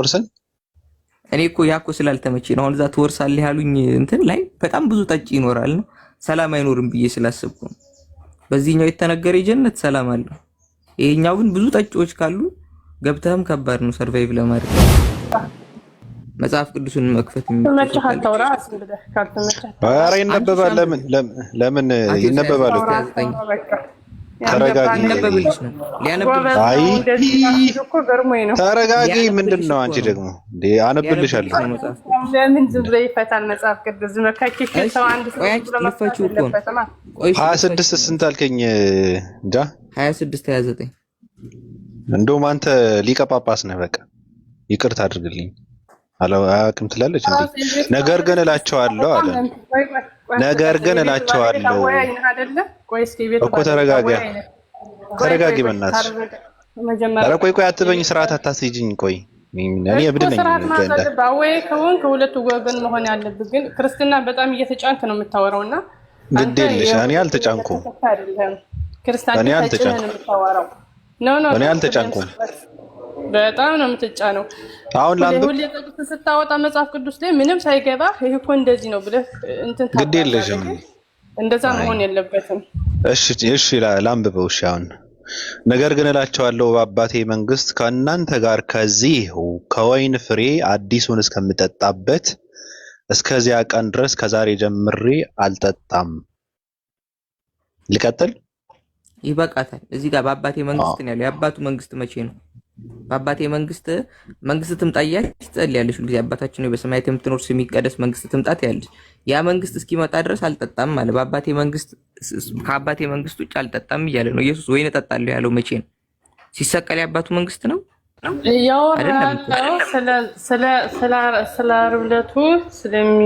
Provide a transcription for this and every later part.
ወርሰን እኔ እኮ ያኮ ስላልተመቼ ነው። አሁን እዛ ትወርሳለህ ያሉኝ እንትን ላይ በጣም ብዙ ጠጪ ይኖራል ነው ሰላም አይኖርም ብዬ ስላሰብኩ ነው። በዚህኛው የተነገረ የጀነት ሰላም አለው። ይሄኛው ግን ብዙ ጠጪዎች ካሉ ገብተህም ከባድ ነው ሰርቫይቭ ለማድረግ። መጽሐፍ ቅዱስን መክፈት ይነበባል። ለምን ለምን ይነበባል? ተረጋጊ። ምንድን ነው አንቺ ደግሞ እንዴ? አነብልሻለሁ። ለምን ዝም ብሎ ይፈታል መጽሐፍ ቅዱስ? ሀያ ስድስት ስንት አልከኝ? እንጃ ሀያ ስድስት ሀያ ዘጠኝ እንደውም አንተ ሊቀ ጳጳስ ነህ። በቃ ይቅርታ አድርግልኝ አላውቅም ትላለች ነገር ግን እላቸዋለሁ አለ ነገር ግን እላቸዋለሁ እኮ ተረጋጋ፣ ተረጋጊ በእናትሽ። ኧረ ቆይ ቆይ አትበኝ፣ ስርዓት አታስይጅኝ። ቆይ እኔ እብድ ነኝ። ወይ ከሆን ከሁለቱ ወገን መሆን ያለብህ ግን ክርስትና በጣም እየተጫንክ ነው የምታወራው እና ግድ የለሽ እኔ አልተጫንኩም። እኔ አልተጫንኩም። በጣም ነው የምትጫነው። አሁን ለአንተ ሁሌ ስታወጣ መጽሐፍ ቅዱስ ላይ ምንም ሳይገባ ይሄ እኮ እንደዚህ ነው ብለህ እንትን ግድ የለሽም። እንደዛ መሆን የለበትም። እሺ እሺ፣ ላንብበው። እሺ አሁን ነገር ግን እላቸዋለሁ በአባቴ መንግስት ከእናንተ ጋር ከዚህ ከወይን ፍሬ አዲሱን እስከምጠጣበት እስከዚያ ቀን ድረስ ከዛሬ ጀምሬ አልጠጣም። ልቀጥል። ይበቃታል። እዚህ ጋር በአባቴ መንግስት ነው ያለው። የአባቱ መንግስት መቼ ነው? በአባቴ መንግስት መንግስት ትምጣ እያለች ትጸልያለች ሁልጊዜ። አባታችን ሆይ በሰማያት የምትኖር ስምህ ይቀደስ፣ መንግስት ትምጣ ትያለች። ያ መንግስት እስኪመጣ ድረስ አልጠጣም አለ። በአባቴ መንግስት ከአባቴ መንግስት ውጭ አልጠጣም እያለ ነው ኢየሱስ። ወይን እጠጣለሁ ያለው መቼ ነው? ሲሰቀል የአባቱ መንግስት ነው እያወራው ስለ ዓርብ ዕለቱ ስለሚ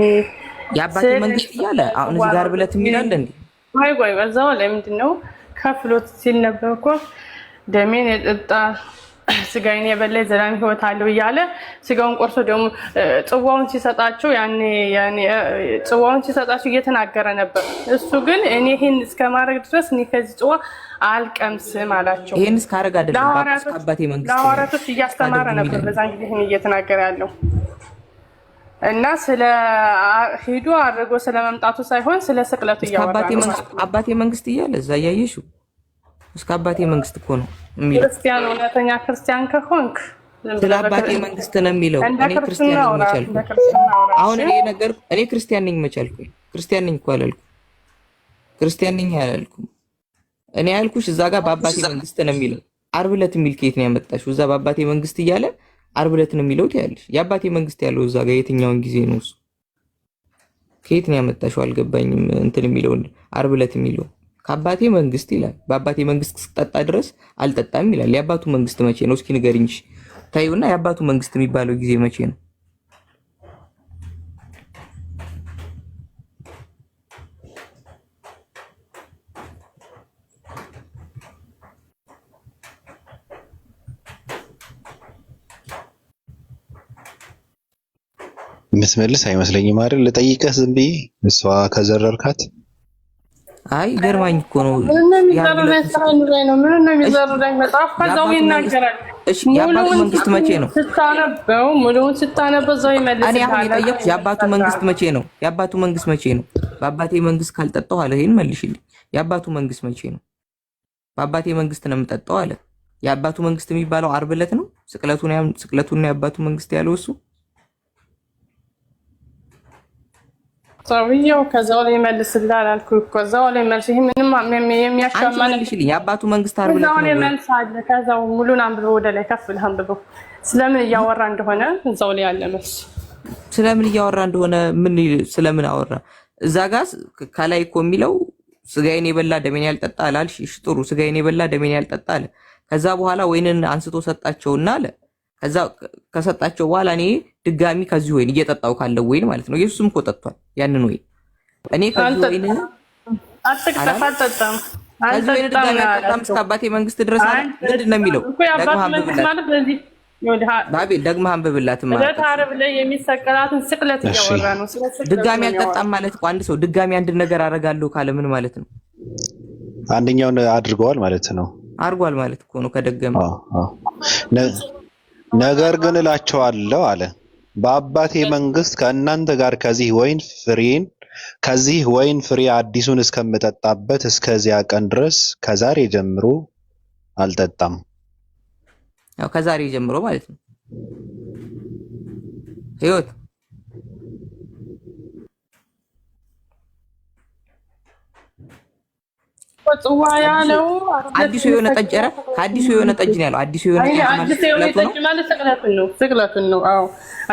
የአባቴ መንግስት እያለ አሁን እዚህ ጋር ብለት የሚላለ እንዲ ወይ ወይ በዛው ላይ ምንድነው ከፍሎት ሲል ነበር እኮ ደሜን የጠጣ ስጋዬን የበላ የዘላለም ህይወት አለው እያለ ስጋውን ቆርሶ ደግሞ ጽዋውን ሲሰጣቸው ያኔ ጽዋውን ሲሰጣቸው እየተናገረ ነበር። እሱ ግን እኔ ይህን እስከ ማድረግ ድረስ እኔ ከዚህ ጽዋ አልቀምስም አላቸው። ይህን እስከ አረግ እስካረግ ለሐዋርያቶች እያስተማረ ነበር በዛን ጊዜ ይህን እየተናገረ ያለው እና ስለ ሂዱ አድርጎ ስለመምጣቱ ሳይሆን ስለ ስቅለቱ እያወራ አባቴ መንግስት እያለ እዛ እያየሽው እስከ አባቴ መንግስት እኮ ነው የሚለው። ክርስቲያን እውነተኛ ክርስቲያን ከሆንክ ስለ አባቴ መንግስት ነው የሚለው። እኔ ክርስቲያን ነኝ መቻልኩ። አሁን እኔ ነገር እኔ ክርስቲያን ነኝ መቻልኩ። ክርስቲያን ነኝ እኮ አላልኩም። ክርስቲያን ነኝ አላልኩም። እኔ ያልኩሽ እዛ ጋር በአባቴ መንግስት ነው የሚለው። ዓርብ ዕለት የሚል ከየት ነው ያመጣሽው? እዛ በአባቴ መንግስት እያለ ዓርብ ዕለት ነው የሚለው ትያለሽ። የአባቴ መንግስት ያለው እዛ ጋር የትኛውን ጊዜ ነው እሱ? ከየት ነው ያመጣሽው? አልገባኝም። እንትን የሚለው ዓርብ ዕለት የሚለው ከአባቴ መንግስት ይላል። በአባቴ መንግስት ስጠጣ ድረስ አልጠጣም ይላል። የአባቱ መንግስት መቼ ነው? እስኪ ንገሪኝሽ ታዩና፣ የአባቱ መንግስት የሚባለው ጊዜ መቼ ነው? የምትመልስ አይመስለኝም አይደል? ልጠይቀህ ዝም ብዬ እሷ ከዘረርካት አይ ገርማኝ እኮ ነው። የአባቱ መንግስት መቼ ነው ስታነበው? የአባቱ መንግስት መቼ ነው? የአባቱ መንግስት መቼ ነው? በአባቴ መንግስት ካልጠጣው አለ። ይሄን መልሽልኝ። የአባቱ መንግስት መቼ ነው? በአባቴ መንግስት ነው የምጠጣው አለ። የአባቱ መንግስት የሚባለው አርብ ዕለት ነው። ስቅለቱን ስቅለቱን የአባቱ መንግስት ያለው እሱ ሰውየው ከዛው ላይ መልስልህ አላልኩህ እኮ እዛው ላይ መልስ። ይሄ ምንም የሚያሻማ መልሽልኝ። የአባቱ መንግስት አርብ ነው ነው መልስ አለ። ከዛው ሙሉን አንብበው ወደ ላይ ከፍ ብለህ አንብበው። ስለምን እያወራ እንደሆነ እዛው ላይ ያለ መልስ። ስለምን እያወራ እንደሆነ ምን ስለምን አወራ? እዛ ጋር ከላይ እኮ የሚለው ስጋዬን የበላ ደሜን ያልጠጣ አለ አልሽ። ጥሩ። ስጋዬን የበላ ደሜን ያልጠጣ አለ። ከዛ በኋላ ወይንን አንስቶ ሰጣቸውና አለ። ከዛ ከሰጣቸው በኋላ እኔ ድጋሚ ከዚህ ወይን እየጠጣው ካለው ወይን ማለት ነው። ኢየሱስም እኮ ጠጥቷል ያንን ወይን። እኔ ከዚህ ወይን ከዚህ ወይን ድጋሚ አልጠጣም እስከ አባቴ መንግስት ድረስ ምንድን ነው የሚለው? ባቤል ደግመህ አንብብላትም። ድጋሚ አልጠጣም ማለት አንድ ሰው ድጋሚ አንድ ነገር አደርጋለሁ ካለ ምን ማለት ነው? አንደኛውን አድርገዋል ማለት ነው። አድርጓል ማለት እኮ ነው ከደገመ ነገር ግን እላቸዋለሁ አለ በአባቴ መንግስት ከእናንተ ጋር ከዚህ ወይን ፍሬ አዲሱን እስከምጠጣበት እስከዚያ ቀን ድረስ ከዛሬ ጀምሮ አልጠጣም። ያው ከዛሬ ጀምሮ ማለት ነው ህይወት አዲሱ የሆነ ጠጅ ረ አዲሱ የሆነ ጠጅ ነው ያለው። አዲሱ የሆነ ጠጅ ማለት ስቅለቱን ነው። ስቅለቱን ነው። አዎ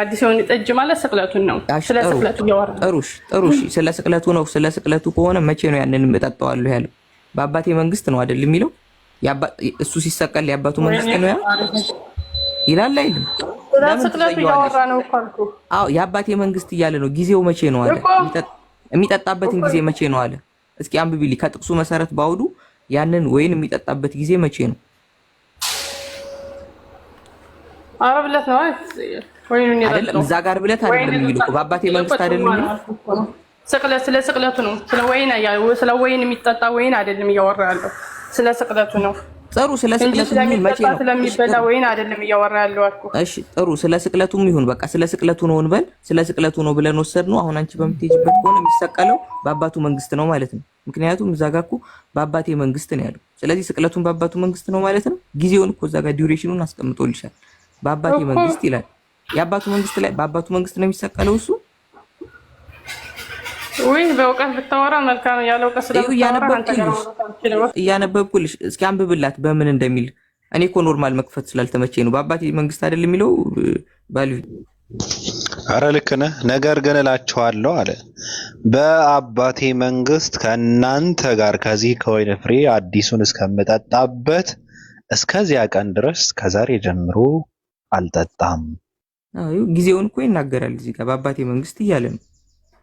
አዲሱ የሆነ ጠጅ ማለት ስቅለቱን ነው። ስለ ስቅለቱ እያወራን ጥሩ። ጥሩ። ስለ ስቅለቱ ነው። ስለ ስቅለቱ ከሆነ መቼ ነው ያንንም እጠጣዋለሁ ያለው? በአባቴ መንግስት ነው አይደል የሚለው? እሱ ሲሰቀል የአባቱ መንግስት ነው ያለው ይላል አይልም? ስለ ስቅለቱ እያወራ ነው እኮ አልኩህ። አዎ የአባቴ መንግስት እያለ ነው። ጊዜው መቼ ነው አለ? የሚጠጣበትን ጊዜ መቼ ነው አለ? እስኪ አንብቢልኝ ከጥቅሱ መሰረት ባውዱ ያንን ወይን የሚጠጣበት ጊዜ መቼ ነው? አረብ ዕለት ነው አይደለም? እዛ ጋር ብለት አይደለም የሚለው በአባቴ መንግስት አይደለም ስቅለት፣ ስለ ስቅለቱ ነው። ስለ ወይን የሚጠጣ ወይን አይደለም እያወራ ያለው ስለ ስቅለቱ ነው። ጥሩ ስለ ስቅለቱ መቼ ነው ስለሚበላ ወይን አይደለም እያወራ ያለው አልኩ። እሺ ጥሩ ስለ ስቅለቱም ይሁን በቃ ስለ ስቅለቱ ነው እንበል። ስለ ስቅለቱ ነው ብለን ወሰድ ነው። አሁን አንቺ በምትሄጂበት ከሆነ የሚሰቀለው በአባቱ መንግስት ነው ማለት ነው። ምክንያቱም እዛ ጋ እኮ በአባቴ መንግስት ነው ያለው። ስለዚህ ስቅለቱን በአባቱ መንግስት ነው ማለት ነው። ጊዜውን እኮ እዛ ጋ ዲዩሬሽኑን አስቀምጦልሻል። በአባቴ መንግስት ይላል። የአባቱ መንግስት ላይ በአባቱ መንግስት ነው የሚሰቀለው እሱ ውይ በእውቀት ብታወራ መልካም። ያለ እውቀት እያነበብኩልሽ እስኪ አንብብላት በምን እንደሚል። እኔ እኮ ኖርማል መክፈት ስላልተመቼ ነው። በአባቴ መንግስት አይደል የሚለው ባሉ አረ ልክ ነህ። ነገር ግን እላችኋለሁ አለ በአባቴ መንግስት ከእናንተ ጋር ከዚህ ከወይን ፍሬ አዲሱን እስከምጠጣበት እስከዚያ ቀን ድረስ ከዛሬ ጀምሮ አልጠጣም። ጊዜውን እኮ ይናገራል እዚህ ጋር በአባቴ መንግስት እያለ ነው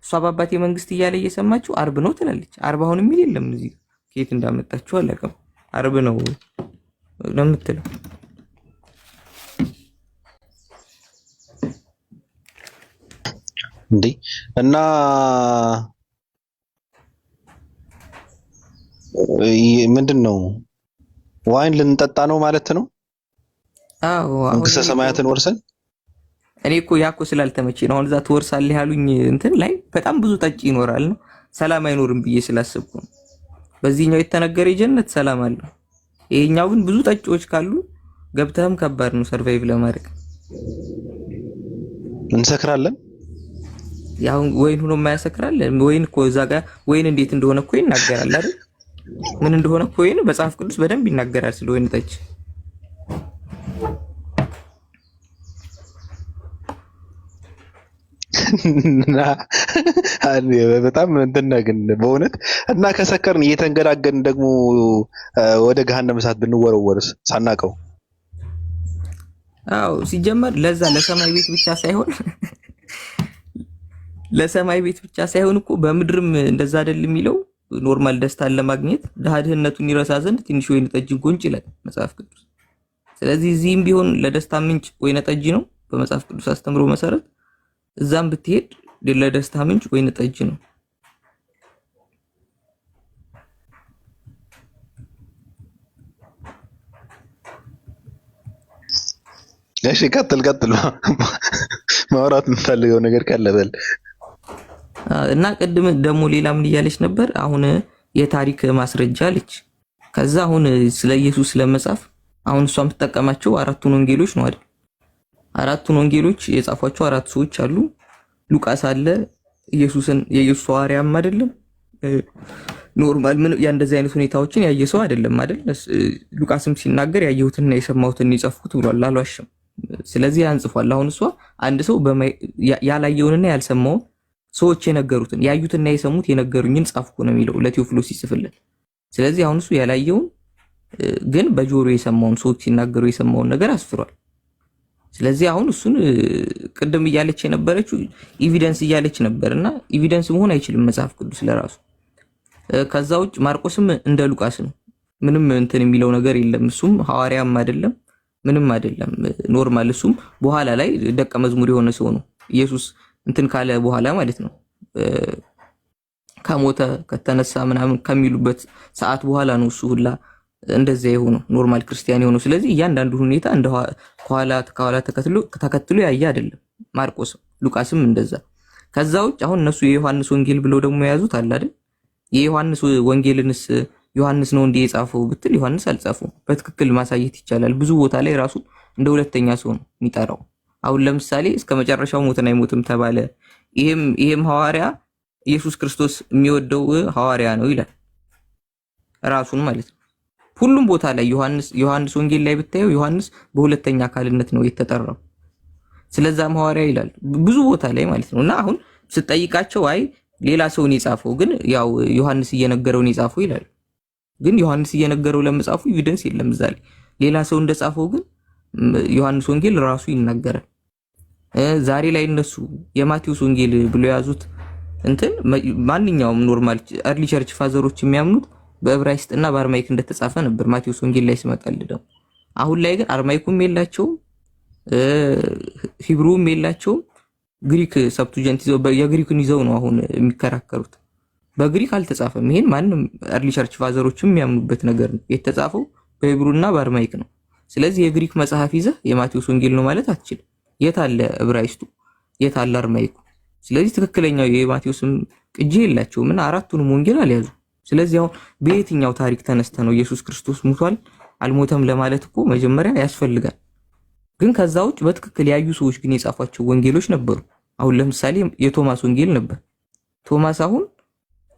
እሷ በአባቴ መንግስት እያለ እየሰማችሁ አርብ ነው ትላለች። አርብ አሁን የሚል የለም እዚህ ከየት እንዳመጣችሁ አላውቅም። አርብ ነው ነው የምትለው። እንዴ እና ምንድን ነው ዋይን ልንጠጣ ነው ማለት ነው? አዎ መንግስተ ሰማያትን ወርሰን እኔ እኮ ያኮ ስላልተመቼ ነው። አሁን እዛ ትወርሳለህ ያሉኝ እንትን ላይ በጣም ብዙ ጠጪ ይኖራል ነው ሰላም አይኖርም ብዬ ስላስብኩ ነው። በዚህኛው የተነገረ የጀነት ሰላም አለ። ይሄኛው ግን ብዙ ጠጪዎች ካሉ ገብተህም ከባድ ነው ሰርቫይቭ ለማድረግ። እንሰክራለን ያሁን ወይን ሆኖ የማያሰክራለን ወይን እኮ እዛ ጋ ወይን እንዴት እንደሆነ እኮ ይናገራል አይደል? ምን እንደሆነ እኮ ወይን መጽሐፍ ቅዱስ በደንብ ይናገራል ስለ ወይን ጠጭ በጣም እንትና ግን በእውነት እና ከሰከርን እየተንገዳገድን ደግሞ ወደ ገሃነመ እሳት ብንወረወርስ ሳናቀው? አዎ ሲጀመር ለዛ ለሰማይ ቤት ብቻ ሳይሆን ለሰማይ ቤት ብቻ ሳይሆን እኮ በምድርም እንደዛ አይደል የሚለው ኖርማል ደስታን ለማግኘት ድሃ ድህነቱን ይረሳ ዘንድ ትንሽ ወይን ጠጅ ጎንጭ ይላል መጽሐፍ ቅዱስ። ስለዚህ እዚህም ቢሆን ለደስታ ምንጭ ወይን ጠጅ ነው በመጽሐፍ ቅዱስ አስተምሮ መሰረት እዛም ብትሄድ ለደስታ ምንጭ ወይን ጠጅ ነው። እሺ ቀጥል ቀጥል፣ ማውራት የምፈልገው ነገር ካለበል እና ቅድም ደግሞ ሌላ ምን እያለች ነበር? አሁን የታሪክ ማስረጃ አለች። ከዛ አሁን ስለ ኢየሱስ ለመጻፍ አሁን እሷ የምትጠቀማቸው አራቱን ወንጌሎች ነው አይደል? አራቱን ወንጌሎች የጻፏቸው አራት ሰዎች አሉ። ሉቃስ አለ። ኢየሱስን የኢየሱስ ሐዋርያም አይደለም። ኖርማል ምን እንደዚህ አይነት ሁኔታዎችን ያየ ሰው አይደለም አይደል? ሉቃስም ሲናገር ያየሁትና የሰማሁትን የጻፍኩት ብሏል፣ አልዋሽም። ስለዚህ ያንጽፏል አሁን እሷ አንድ ሰው ያላየውንና ያልሰማውን ሰዎች የነገሩትን ያዩትና የሰሙት የነገሩኝን ጻፍኩ ነው የሚለው ለቴዎፍሎስ ሲጽፍለት። ስለዚህ አሁን እሱ ያላየውን ግን በጆሮ የሰማውን ሰዎች ሲናገሩ የሰማውን ነገር አስፍሯል። ስለዚህ አሁን እሱን ቅድም እያለች የነበረችው ኢቪደንስ እያለች ነበር እና ኢቪደንስ መሆን አይችልም መጽሐፍ ቅዱስ ለራሱ። ከዛ ውጭ ማርቆስም እንደ ሉቃስ ነው። ምንም እንትን የሚለው ነገር የለም። እሱም ሐዋርያም አይደለም ምንም አይደለም። ኖርማል። እሱም በኋላ ላይ ደቀ መዝሙር የሆነ ሰው ነው። ኢየሱስ እንትን ካለ በኋላ ማለት ነው ከሞተ ከተነሳ ምናምን ከሚሉበት ሰዓት በኋላ ነው እሱ ሁላ እንደዚያ የሆኑ ኖርማል ክርስቲያን የሆኑ ስለዚህ እያንዳንዱ ሁኔታ እንደ ከኋላ ከኋላ ተከትሎ ያየ አይደለም። ማርቆስም ሉቃስም እንደዛ። ከዛ ውጭ አሁን እነሱ የዮሐንስ ወንጌል ብለው ደግሞ የያዙት አለ አይደል? የዮሐንስ ወንጌልንስ ዮሐንስ ነው እንዲህ የጻፈው ብትል ዮሐንስ አልጻፈው። በትክክል ማሳየት ይቻላል። ብዙ ቦታ ላይ ራሱ እንደ ሁለተኛ ሰው ነው የሚጠራው። አሁን ለምሳሌ እስከ መጨረሻው ሞትን አይሞትም ተባለ። ይሄም ሐዋርያ ኢየሱስ ክርስቶስ የሚወደው ሐዋርያ ነው ይላል ራሱን ማለት ነው። ሁሉም ቦታ ላይ ዮሐንስ ወንጌል ላይ ብታየው ዮሐንስ በሁለተኛ አካልነት ነው የተጠራው። ስለዛ ሐዋርያ ይላል ብዙ ቦታ ላይ ማለት ነው። እና አሁን ስጠይቃቸው አይ ሌላ ሰውን የጻፈው ግን ያው ዮሐንስ እየነገረውን የጻፈው ይላል። ግን ዮሐንስ እየነገረው ለመጻፉ ኤቪደንስ የለም እዛ ላይ። ሌላ ሰው እንደጻፈው ግን ዮሐንስ ወንጌል ራሱ ይናገራል። ዛሬ ላይ እነሱ የማቴዎስ ወንጌል ብሎ የያዙት እንትን ማንኛውም ኖርማል አርሊ ቸርች ፋዘሮች የሚያምኑት እና በአርማይክ እንደተጻፈ ነበር ማቴዎስ ወንጌል ላይ ሲመጣል። አሁን ላይ ግን አርማይኩም የላቸውም፣ ሂብሩም የላቸውም። ግሪክ ሰብቱጀንት ይዘው የግሪክን ይዘው ነው አሁን የሚከራከሩት። በግሪክ አልተጻፈም። ይሄን ማንም አርሊ ቸርች ፋዘሮችም የሚያምኑበት ነገር ነው። የተጻፈው በሂብሩና በአርማይክ ነው። ስለዚህ የግሪክ መጽሐፍ ይዘህ የማቴዎስ ወንጌል ነው ማለት አትችልም። የት አለ ዕብራይስጡ? የት አለ አርማይኩ? ስለዚህ ትክክለኛው የማቴዎስም ቅጂ የላቸውም እና አራቱንም ወንጌል አልያዙ ስለዚህ አሁን በየትኛው ታሪክ ተነስተ ነው ኢየሱስ ክርስቶስ ሙቷል አልሞተም ለማለት እኮ መጀመሪያ ያስፈልጋል። ግን ከዛ ውጭ በትክክል ያዩ ሰዎች ግን የጻፏቸው ወንጌሎች ነበሩ። አሁን ለምሳሌ የቶማስ ወንጌል ነበር። ቶማስ አሁን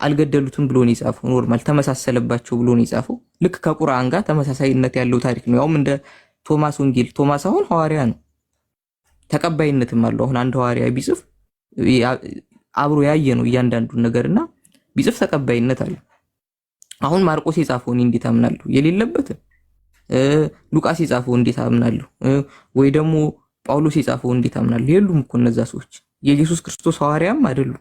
አልገደሉትም ብሎ ነው የጻፈው። ኖርማል ተመሳሰለባቸው ብሎ ነው የጻፈው። ልክ ከቁርአን ጋር ተመሳሳይነት ያለው ታሪክ ነው። ያውም እንደ ቶማስ ወንጌል። ቶማስ አሁን ሐዋርያ ነው፣ ተቀባይነትም አለው። አሁን አንድ ሐዋርያ ቢጽፍ አብሮ ያየ ነው እያንዳንዱን ነገርና ቢጽፍ ተቀባይነት አለው። አሁን ማርቆስ የጻፈውን እንዴት አምናለሁ? የሌለበትን ሉቃስ የጻፈው እንዴት አምናለሁ? ወይ ደግሞ ጳውሎስ የጻፈው እንዴት አምናለሁ? የሉም እኮ እነዛ ሰዎች የኢየሱስ ክርስቶስ ሐዋርያም አይደሉም።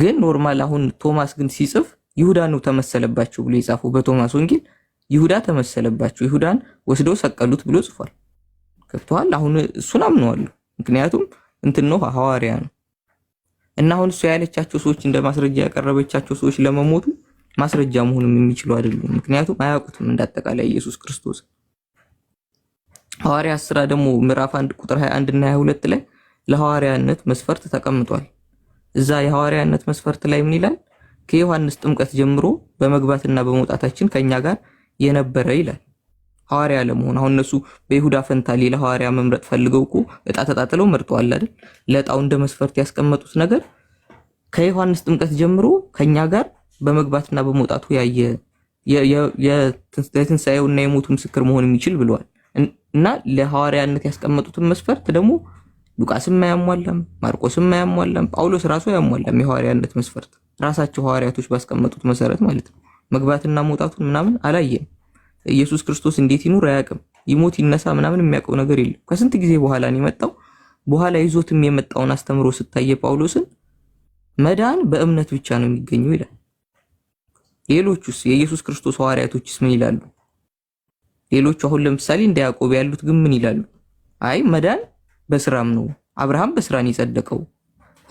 ግን ኖርማል አሁን ቶማስ ግን ሲጽፍ ይሁዳ ነው ተመሰለባቸው ብሎ የጻፈው በቶማስ ወንጌል ይሁዳ ተመሰለባቸው፣ ይሁዳን ወስደው ሰቀሉት ብሎ ጽፏል። ገብቶሃል? አሁን እሱን አምነዋለሁ ምክንያቱም እንትን ነው ሐዋርያ ነው። እና አሁን እሱ ያለቻቸው ሰዎች እንደ ማስረጃ ያቀረበቻቸው ሰዎች ለመሞቱ ማስረጃ መሆኑም የሚችሉ አይደሉም። ምክንያቱም አያውቁትም እንዳጠቃላይ ኢየሱስ ክርስቶስ ሐዋርያ ስራ ደግሞ ምዕራፍ አንድ ቁጥር 21 እና 22 ላይ ለሐዋርያነት መስፈርት ተቀምጧል። እዛ የሐዋርያነት መስፈርት ላይ ምን ይላል? ከዮሐንስ ጥምቀት ጀምሮ በመግባትና በመውጣታችን ከኛ ጋር የነበረ ይላል። ሐዋርያ ለመሆን አሁን እነሱ በይሁዳ ፈንታ ሌላ ሐዋርያ መምረጥ ፈልገው እኮ እጣ ተጣጥለው መርጠዋል አይደል? ለእጣው እንደ መስፈርት ያስቀመጡት ነገር ከዮሐንስ ጥምቀት ጀምሮ ከኛ ጋር በመግባትና በመውጣቱ ያየ የትንሣኤውና የሞቱ ምስክር መሆን የሚችል ብለዋል እና ለሐዋርያነት ያስቀመጡትን መስፈርት ደግሞ ሉቃስም አያሟላም፣ ማርቆስም አያሟላም፣ ጳውሎስ ራሱ አያሟላም። የሐዋርያነት መስፈርት ራሳቸው ሐዋርያቶች ባስቀመጡት መሰረት ማለት ነው። መግባትና መውጣቱን ምናምን አላየም። ኢየሱስ ክርስቶስ እንዴት ይኑር አያውቅም። ይሞት ይነሳ ምናምን የሚያውቀው ነገር የለም። ከስንት ጊዜ በኋላ ነው የመጣው። በኋላ ይዞትም የመጣውን አስተምሮ ስታየ ጳውሎስን መዳን በእምነት ብቻ ነው የሚገኘው ይላል። ሌሎቹስ የኢየሱስ ክርስቶስ ሐዋርያቶችስ ምን ይላሉ? ሌሎቹ አሁን ለምሳሌ እንደ ያዕቆብ ያሉት ግን ምን ይላሉ? አይ መዳን በስራም ነው፣ አብርሃም በስራን የጸደቀው፣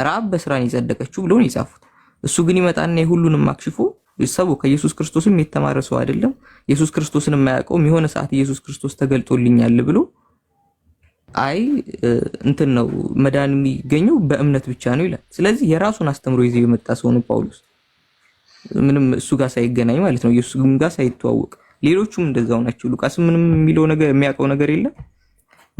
ራብ በስራን የጸደቀችው ብሎ የጻፉት። እሱ ግን ይመጣና የሁሉንም አክሽፎ ሰው ከኢየሱስ ክርስቶስም የተማረ ሰው አይደለም፣ ኢየሱስ ክርስቶስን የማያውቀውም የሆነ ሰዓት ኢየሱስ ክርስቶስ ተገልጦልኛል ብሎ አይ እንትን ነው መዳን የሚገኘው በእምነት ብቻ ነው ይላል። ስለዚህ የራሱን አስተምሮ ይዘው የመጣ ሰው ነው ጳውሎስ። ምንም እሱ ጋር ሳይገናኝ ማለት ነው። ኢየሱስ ጋር ሳይተዋወቅ ሌሎቹም እንደዛው ናቸው። ሉቃስም ምንም የሚለው ነገር የሚያውቀው ነገር የለም።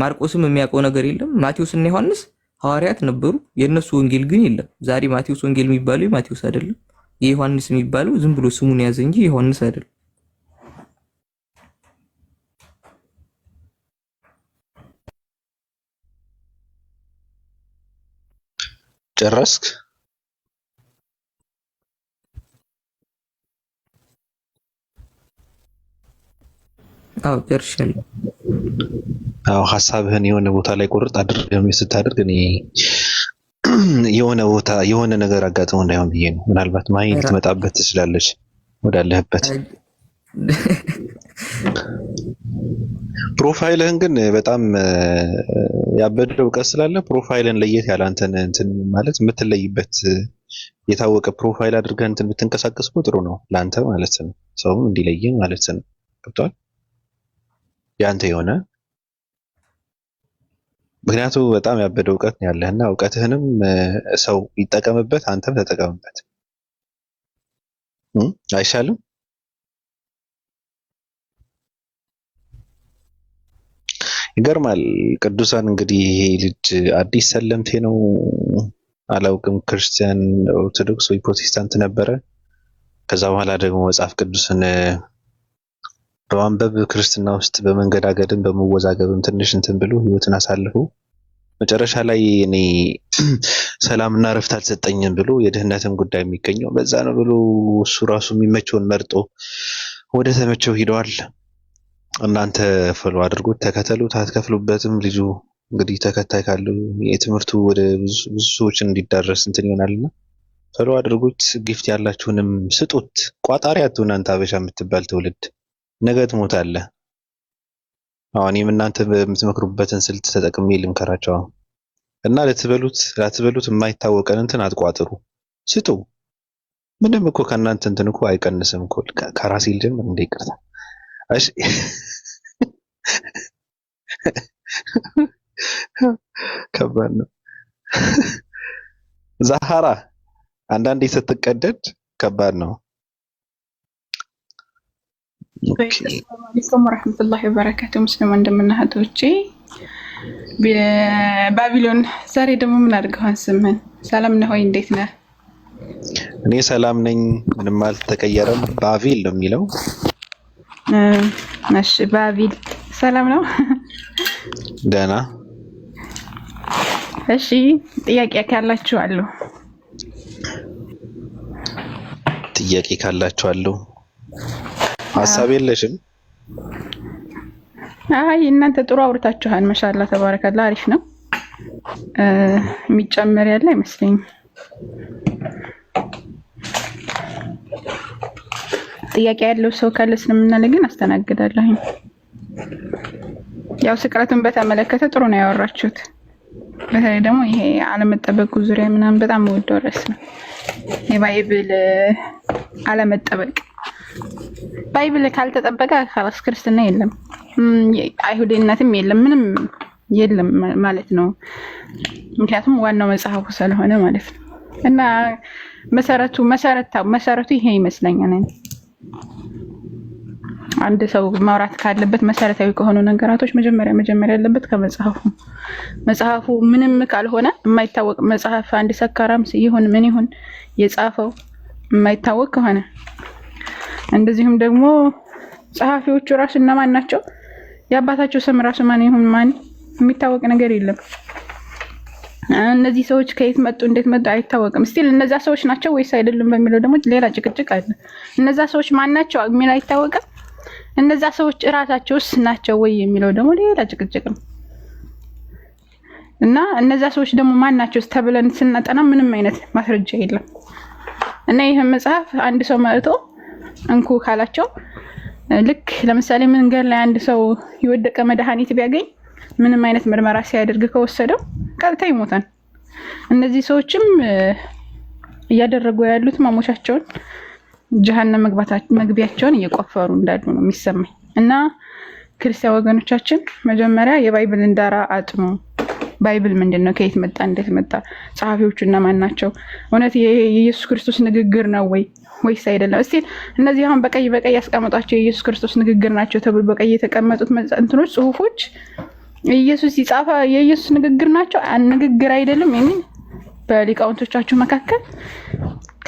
ማርቆስም የሚያውቀው ነገር የለም። ማቴዎስ እና ዮሐንስ ሐዋርያት ነበሩ። የእነሱ ወንጌል ግን የለም። ዛሬ ማቴዎስ ወንጌል የሚባለው የማቴዎስ አይደለም። የዮሐንስ የሚባለው ዝም ብሎ ስሙን ያዘ እንጂ ዮሐንስ አይደለም። ጨረስክ? አዎ ጨርሻለሁ። አዎ ሀሳብህን የሆነ ቦታ ላይ ቁርጥ አድርገህ ስታደርግ እኔ የሆነ ቦታ የሆነ ነገር አጋጥሞ እንዳይሆን ብዬ ነው። ምናልባት ማይ ልትመጣበት ትችላለች ወዳለህበት። ፕሮፋይልህን ግን በጣም ያበደ እውቀት ስላለ ፕሮፋይልን ለየት ያለ አንተን እንትን ማለት የምትለይበት የታወቀ ፕሮፋይል አድርገህ እንትን ብትንቀሳቀስ ጥሩ ነው ለአንተ ማለት ነው። ሰውም እንዲለየ ማለት ነው። ገብቶሃል? ያንተ የሆነ ምክንያቱ በጣም ያበደ እውቀት ነው ያለህ እና እውቀትህንም ሰው ይጠቀምበት፣ አንተም ተጠቀምበት። አይሻልም? ይገርማል። ቅዱሳን እንግዲህ ይሄ ልጅ አዲስ ሰለምቴ ነው አላውቅም፣ ክርስቲያን ኦርቶዶክስ ወይ ፕሮቴስታንት ነበረ። ከዛ በኋላ ደግሞ መጽሐፍ ቅዱስን በማንበብ ክርስትና ውስጥ በመንገዳገድም በመወዛገብም ትንሽ እንትን ብሎ ህይወትን አሳልፉ መጨረሻ ላይ እኔ ሰላምና እረፍት አልሰጠኝም ብሎ የድህነትም ጉዳይ የሚገኘው በዛ ነው ብሎ እሱ ራሱ የሚመቸውን መርጦ ወደ ተመቸው ሂደዋል። እናንተ ፈሎ አድርጎት ተከተሉት፣ አትከፍሉበትም። ልጁ እንግዲህ ተከታይ ካሉ የትምህርቱ ወደ ብዙ ሰዎች እንዲዳረስ እንትን ይሆናልና ፈሎ አድርጎት፣ ጊፍት ያላችሁንም ስጡት። ቋጣሪ አትሁን አንተ አበሻ የምትባል ትውልድ ነገ ትሞታለህ። አዎ እኔም እናንተ በምትመክሩበትን ስልት ተጠቅሜ ልምከራቸው እና ልትበሉት ላትበሉት የማይታወቀን እንትን አትቋጥሩ፣ ስጡ። ምንም እኮ ከእናንተ እንትን እኮ አይቀንስም እኮ። ከራሴ ልጀምር እንደ ይቅርታ። እሺ ከባድ ነው። ዛሃራ አንዳንዴ ስትቀደድ ከባድ ነው። ሰላም አለይኩም ወረህመቱላሂ ወበረካቱ። ሙስሊም ወንድምና እህቶቼ ባቢሎን፣ ዛሬ ደግሞ ምን አድርገዋን? ስምን ሰላም ነህ ወይ? እንዴት ነህ? እኔ ሰላም ነኝ፣ ምንም አልተቀየረም። ባቢል ነው የሚለው። እሺ ባቢል ሰላም ነው። ደህና። እሺ ጥያቄ ካላችሁ አሉ ጥያቄ ካላችሁ ሀሳብ የለሽም? አይ እናንተ ጥሩ አውርታችኋል። መሻላ ተባረከላ፣ አሪፍ ነው። የሚጨመር ያለ አይመስለኝም። ጥያቄ ያለው ሰው ካለ እስልምና ላይ ግን አስተናግዳለሁኝ። ያው ስቅለቱን በተመለከተ ጥሩ ነው ያወራችሁት። በተለይ ደግሞ ይሄ አለመጠበቁ ዙሪያ ምናምን በጣም ወደው ርዕስ ነው። የባይብል አለመጠበቅ ባይብል ካልተጠበቀ ከራስ ክርስትና የለም፣ አይሁዴነትም የለም፣ ምንም የለም ማለት ነው። ምክንያቱም ዋናው መጽሐፉ ስለሆነ ማለት ነው። እና መሰረቱ መሰረታው መሰረቱ ይሄ ይመስለኛል። አንድ ሰው ማውራት ካለበት መሰረታዊ ከሆኑ ነገራቶች መጀመሪያ መጀመሪያ ያለበት ከመጽሐፉ መጽሐፉ ምንም ካልሆነ የማይታወቅ መጽሐፍ አንድ ሰካራም ይሁን ምን ይሁን የጻፈው የማይታወቅ ከሆነ እንደዚሁም ደግሞ ጸሐፊዎቹ ራሱ እነማን ናቸው? የአባታቸው ስም ራሱ ማን ይሁን ማን የሚታወቅ ነገር የለም። እነዚህ ሰዎች ከየት መጡ፣ እንዴት መጡ አይታወቅም። ስቲል እነዛ ሰዎች ናቸው ወይስ አይደሉም በሚለው ደግሞ ሌላ ጭቅጭቅ አለ። እነዛ ሰዎች ማን ናቸው የሚል አይታወቅም። እነዛ ሰዎች እራሳቸውስ ናቸው ወይ የሚለው ደግሞ ሌላ ጭቅጭቅ ነው። እና እነዛ ሰዎች ደግሞ ማን ናቸው ተብለን ስናጠና ምንም አይነት ማስረጃ የለም። እና ይህም መጽሐፍ አንድ ሰው መጥቶ እንኩ ካላቸው ልክ ለምሳሌ መንገድ ላይ አንድ ሰው የወደቀ መድኃኒት ቢያገኝ ምንም አይነት ምርመራ ሲያደርግ ከወሰደው ቀጥታ ይሞታል። እነዚህ ሰዎችም እያደረጉ ያሉት ማሞቻቸውን ጀሀነም መግቢያቸውን እየቆፈሩ እንዳሉ ነው የሚሰማኝ እና ክርስቲያን ወገኖቻችን መጀመሪያ የባይብልን ዳራ አጥኑ። ባይብል ምንድን ነው? ከየት መጣ? እንዴት መጣ? ጸሐፊዎቹ እነማን ናቸው? እውነት የኢየሱስ ክርስቶስ ንግግር ነው ወይ ወይስ አይደለም? እስቲ እነዚህ አሁን በቀይ በቀይ ያስቀመጧቸው የኢየሱስ ክርስቶስ ንግግር ናቸው ተብሎ በቀይ የተቀመጡት እንትኖች ጽሁፎች ኢየሱስ ይጻፈ የኢየሱስ ንግግር ናቸው ንግግር አይደለም የሚል በሊቃውንቶቻችሁ መካከል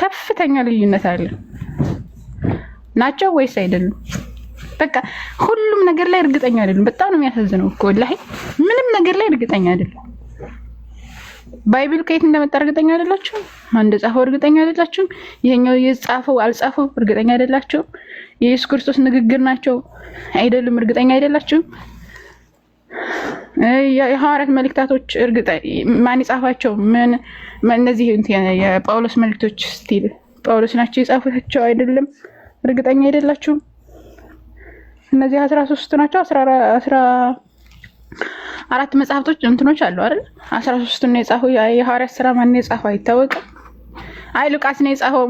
ከፍተኛ ልዩነት አለ። ናቸው ወይስ አይደሉም? በቃ ሁሉም ነገር ላይ እርግጠኛ አይደሉም። በጣም ነው የሚያሳዝነው እኮ ላይ ምንም ነገር ላይ እርግጠኛ አይደሉም። ባይብል ከየት እንደመጣ እርግጠኛ አይደላችሁም። ማን እንደጻፈው እርግጠኛ አይደላችሁም። ይሄኛው የጻፈው አልጻፈው እርግጠኛ አይደላችሁም። የኢየሱስ ክርስቶስ ንግግር ናቸው አይደሉም፣ እርግጠኛ አይደላችሁም። የሐዋርያት መልእክታቶች እርግጠ ማን የጻፋቸው ምን እነዚህ የጳውሎስ መልእክቶች ስቲል ጳውሎስ ናቸው የጻፉቸው? አይደለም፣ እርግጠኛ አይደላችሁም። እነዚህ አስራ ሶስት ናቸው። አስራ አራት መጽሐፍቶች እንትኖች አሉ አይደል? አስራ ሶስቱ ነው የጻፈው። የሐዋርያት ስራ ማን የጻፈው አይታወቅም። አይ ሉቃስ ነው የጻፈው።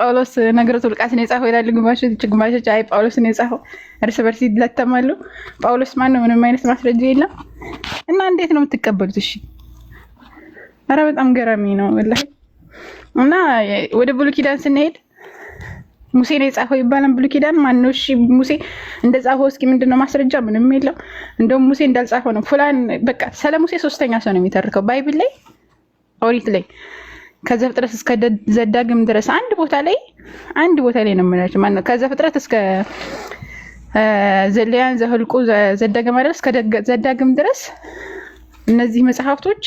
ጳውሎስ ነገረቱ ሉቃስ ነው የጻፈው ይላሉ ግማሾች። ግማሾች አይ ጳውሎስ ነው የጻፈው፣ እርስ በርስ ይላተማሉ። ጳውሎስ ማን ነው? ምንም አይነት ማስረጃ የለም። እና እንዴት ነው የምትቀበሉት? እሺ፣ ኧረ በጣም ገራሚ ነው እና ወደ ብሉይ ኪዳን ስንሄድ ሙሴ ነው የጻፈው ይባላል ብሉይ ኪዳን ማነው? እሺ ሙሴ እንደ ጻፈው እስኪ ምንድነው ማስረጃ? ምንም የለም። እንደውም ሙሴ እንዳልጻፈው ነው ፉላን። በቃ ስለ ሙሴ ሶስተኛ ሰው ነው የሚተርከው ባይብል ላይ ኦሪት ላይ ከዘፍጥረት እስከ ዘዳግም ድረስ አንድ ቦታ ላይ አንድ ቦታ ላይ ነው የምናቸው ማነው? ከዘፍጥረት እስከ ዘሌዋውያን ዘህልቁ ዘዳግም ድረስ እስከ ዘዳግም ድረስ እነዚህ መጽሐፍቶች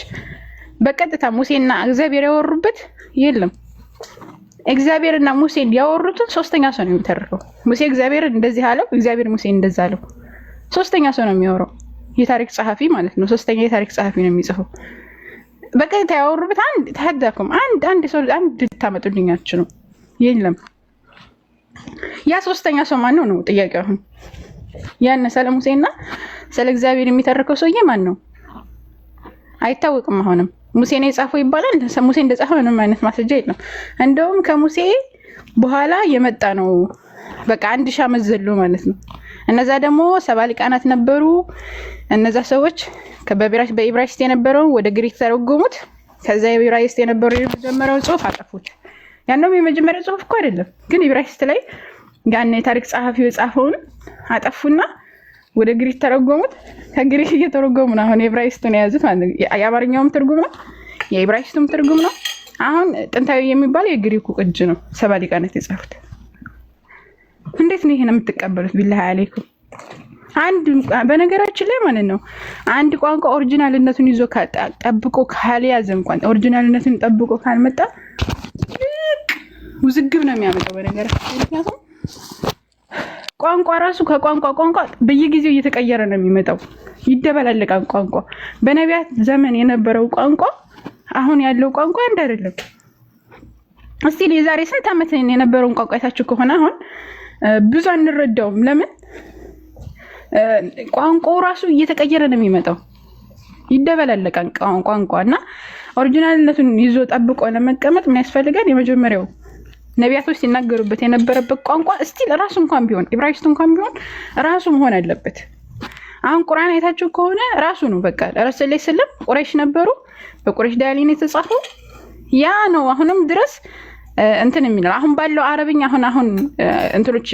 በቀጥታ ሙሴና እግዚአብሔር ያወሩበት የለም። እግዚአብሔርና ሙሴ እንዲያወሩትን ሶስተኛ ሰው ነው የሚተርከው። ሙሴ እግዚአብሔር እንደዚህ አለው፣ እግዚአብሔር ሙሴን እንደዛ አለው። ሶስተኛ ሰው ነው የሚያወራው፣ የታሪክ ጸሐፊ ማለት ነው። ሶስተኛ የታሪክ ጸሐፊ ነው የሚጽፈው። በቀጥታ ያወሩበት አንድ ተህዳኩም አንድ አንድ ሰው አንድ ልታመጡልኛችሁ ነው የለም። ያ ሶስተኛ ሰው ማን ነው ነው ጥያቄ። አሁን ያነ ስለ ሙሴና ስለ እግዚአብሔር የሚተርከው ሰውዬ ማን ነው አይታወቅም። አሁንም ሙሴ ነው የጻፈው ይባላል። ሙሴ እንደጻፈው ምንም አይነት ማስረጃ የለም። እንደውም ከሙሴ በኋላ የመጣ ነው። በቃ አንድ ሺህ ዓመት ዘሎ ማለት ነው። እነዛ ደግሞ ሰባ ሊቃናት ነበሩ። እነዛ ሰዎች በኢብራይስጥ የነበረው ወደ ግሪክ ተረጎሙት። ከዛ የኢብራይስጥ የነበረው የመጀመሪያውን ጽሁፍ አጠፉት። ያንም የመጀመሪያ ጽሁፍ እኮ አይደለም፣ ግን ኢብራይስጥ ላይ ያን የታሪክ ጸሐፊው የጻፈውን አጠፉና ወደ ግሪክ ተረጎሙት። ከግሪክ እየተረጎሙ ነው አሁን የዕብራይስጡን የያዙት ማለት ነው። የአማርኛውም ትርጉም ነው፣ የዕብራይስጡም ትርጉም ነው። አሁን ጥንታዊ የሚባል የግሪኩ ቅጅ ነው። ሰባ ሊቃነት የጻፉት። እንዴት ነው ይሄን የምትቀበሉት? ቢላ አሌይኩም። አንድ በነገራችን ላይ ማለት ነው አንድ ቋንቋ ኦሪጂናልነቱን ይዞ ጠብቆ ካልያዘ እንኳን ኦሪጂናልነቱን ጠብቆ ካልመጣ ውዝግብ ነው የሚያመጣው በነገራችን ምክንያቱም ቋንቋ ራሱ ከቋንቋ ቋንቋ በየጊዜው እየተቀየረ ነው የሚመጣው። ይደበላለቃል ቋንቋ። በነቢያት ዘመን የነበረው ቋንቋ አሁን ያለው ቋንቋ አንድ አይደለም። እስቲ የዛሬ ስንት ዓመት የነበረውን ቋንቋ አይታችሁ ከሆነ አሁን ብዙ አንረዳውም። ለምን? ቋንቋው ራሱ እየተቀየረ ነው የሚመጣው። ይደበላለቃል ቋንቋ እና ኦሪጂናልነቱን ይዞ ጠብቆ ለመቀመጥ ምን ያስፈልጋል? የመጀመሪያው ነቢያቶች ሲናገሩበት የነበረበት ቋንቋ እስቲል ራሱ እንኳን ቢሆን ኢብራይስቱ እንኳን ቢሆን ራሱ መሆን አለበት። አሁን ቁርአን አይታችሁ ከሆነ ራሱ ነው። በቃ ረሱል ላይ ስለም ቁረሽ ነበሩ፣ በቁረሽ ዳያሊን የተጻፉ ያ ነው። አሁንም ድረስ እንትን የሚለው አሁን ባለው አረብኛ አሁን አሁን እንትኖች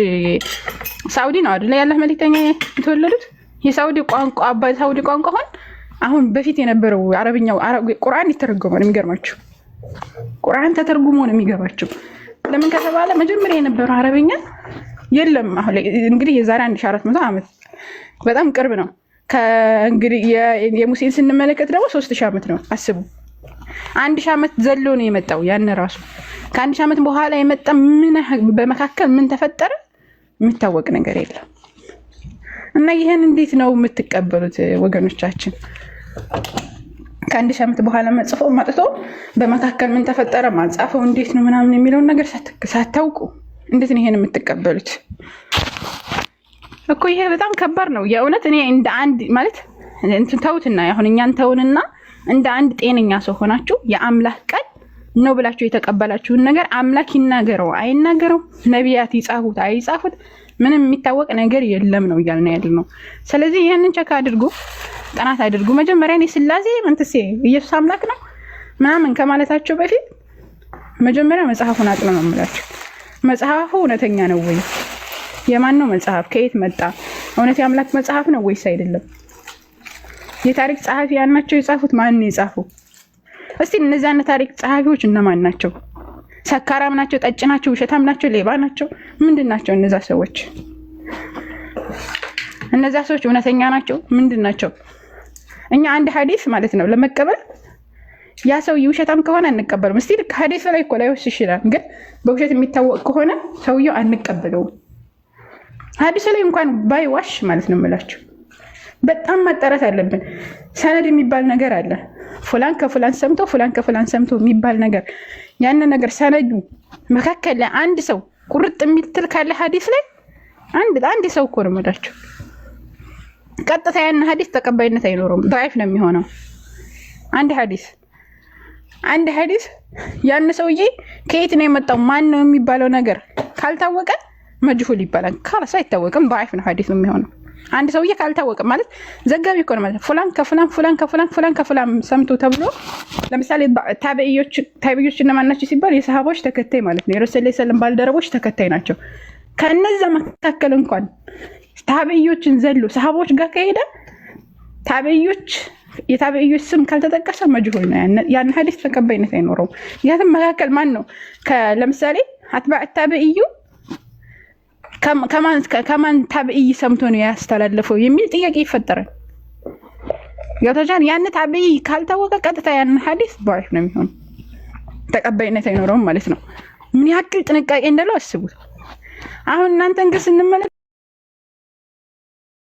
ሳውዲ ነው አይደለ ያለህ መልክተኛ የተወለዱት የሳውዲ ቋንቋ አባ ሳውዲ ቋንቋ አሁን አሁን በፊት የነበረው አረብኛው ቁርአን ይተረጎማል። የሚገርማችሁ ቁርአን ተተርጉሞ ነው የሚገባቸው ለምን ከተባለ መጀመሪያ የነበረው አረበኛ የለም። አሁን እንግዲህ የዛሬ አንድ ሺ አራት መቶ ዓመት በጣም ቅርብ ነው። የሙሴን ስንመለከት ደግሞ ሶስት ሺህ ዓመት ነው። አስቡ አንድ ሺህ ዓመት ዘሎ ነው የመጣው። ያን ራሱ ከአንድ ሺህ ዓመት በኋላ የመጣ ምን በመካከል ምን ተፈጠረ የሚታወቅ ነገር የለም። እና ይህን እንዴት ነው የምትቀበሉት ወገኖቻችን? ከአንድ ሺህ ዓመት በኋላ መጽፎ ማጥቶ በመካከል ምን ተፈጠረ ማልጻፈው እንዴት ነው ምናምን የሚለውን ነገር ሳታውቁ እንዴት ነው ይሄን የምትቀበሉት? እኮ ይሄ በጣም ከባድ ነው የእውነት። እኔ እንደ አንድ ማለት እንትን ተውትና አሁን እኛን ተውንና እንደ አንድ ጤነኛ ሰው ሆናችሁ የአምላክ ቃል ነው ብላችሁ የተቀበላችሁን ነገር አምላክ ይናገረው አይናገረው፣ ነቢያት ይጻፉት አይጻፉት ምንም የሚታወቅ ነገር የለም ነው እያልን ያለ ነው። ስለዚህ ይህንን ቸክ አድርጉ፣ ጥናት አድርጉ። መጀመሪያ እኔ ስላሴ ምንትሴ ኢየሱስ አምላክ ነው ምናምን ከማለታቸው በፊት መጀመሪያ መጽሐፉን አጥኑ ነው የምላቸው። መጽሐፉ እውነተኛ ነው ወይ? የማን ነው መጽሐፍ? ከየት መጣ? እውነት የአምላክ መጽሐፍ ነው ወይስ አይደለም? የታሪክ ጸሐፊ ያናቸው የጻፉት ማን የጻፉ? እስቲ እነዚያን ታሪክ ጸሐፊዎች እነማን ናቸው? ሰካራም ናቸው፣ ጠጭ ናቸው፣ ውሸታም ናቸው፣ ሌባ ናቸው። ምንድን ናቸው እነዛ ሰዎች? እነዛ ሰዎች እውነተኛ ናቸው? ምንድን ናቸው? እኛ አንድ ሀዲስ ማለት ነው ለመቀበል ያ ሰውዬ ውሸታም ከሆነ አንቀበልም። እስቲ ከሀዲስ ላይ እኮ ላይወስ ይችላል፣ ግን በውሸት የሚታወቅ ከሆነ ሰውየው አንቀበለውም። ሀዲሱ ላይ እንኳን ባይዋሽ ማለት ነው የምላችሁ በጣም ማጣራት አለብን። ሰነድ የሚባል ነገር አለ። ፉላን ከፉላን ሰምቶ ፉላን ከፉላን ሰምቶ የሚባል ነገር ያንን ነገር ሰነዱ መካከል ላይ አንድ ሰው ቁርጥ የሚትል ካለ ሀዲስ ላይ አንድ አንድ ሰው እኮ ነው የምላቸው። ቀጥታ ያን ሀዲስ ተቀባይነት አይኖረውም፣ ዳይፍ ነው የሚሆነው። አንድ ሀዲስ አንድ ሀዲስ ያን ሰውዬ ከየት ነው የመጣው ማን ነው የሚባለው ነገር ካልታወቀ መጅሁል ይባላል። ካላስ አይታወቅም፣ ዳይፍ ነው ሀዲስ ነው የሚሆነው። አንድ ሰውዬ ካልታወቀ ማለት ዘጋቢ እኮ ነው ማለት ፉላን ከፉላን ፉላን ከፉላን ፉላን ከፉላን ሰምቶ ተብሎ ለምሳሌ ታቢዕዮች ታቢዕዮች እነማን ናቸው ሲባል የሰሃቦች ተከታይ ማለት ነው። የረሱል ላ ሰለም ባልደረቦች ተከታይ ናቸው። ከነዛ መካከል እንኳን ታቢዕዮችን ዘሎ ሰሃቦች ጋር ከሄደ ታቢዕዮች የታቢዕዮች ስም ካልተጠቀሰ መጅሁል ነው። ያን ሀዲስ ተቀባይነት አይኖረውም። ያትም መካከል ማን ነው ለምሳሌ አትባዕ ታቢዕዩ ከማን ታብዕይ ሰምቶ ነው ያስተላለፈው የሚል ጥያቄ ይፈጠራል። ያተጃን ያን ታብዕይ ካልታወቀ ቀጥታ ያንን ሀዲስ ባሪፍ ነው የሚሆን ተቀባይነት አይኖረውም ማለት ነው። ምን ያክል ጥንቃቄ እንዳለው አስቡት። አሁን እናንተን ግን ስንመለ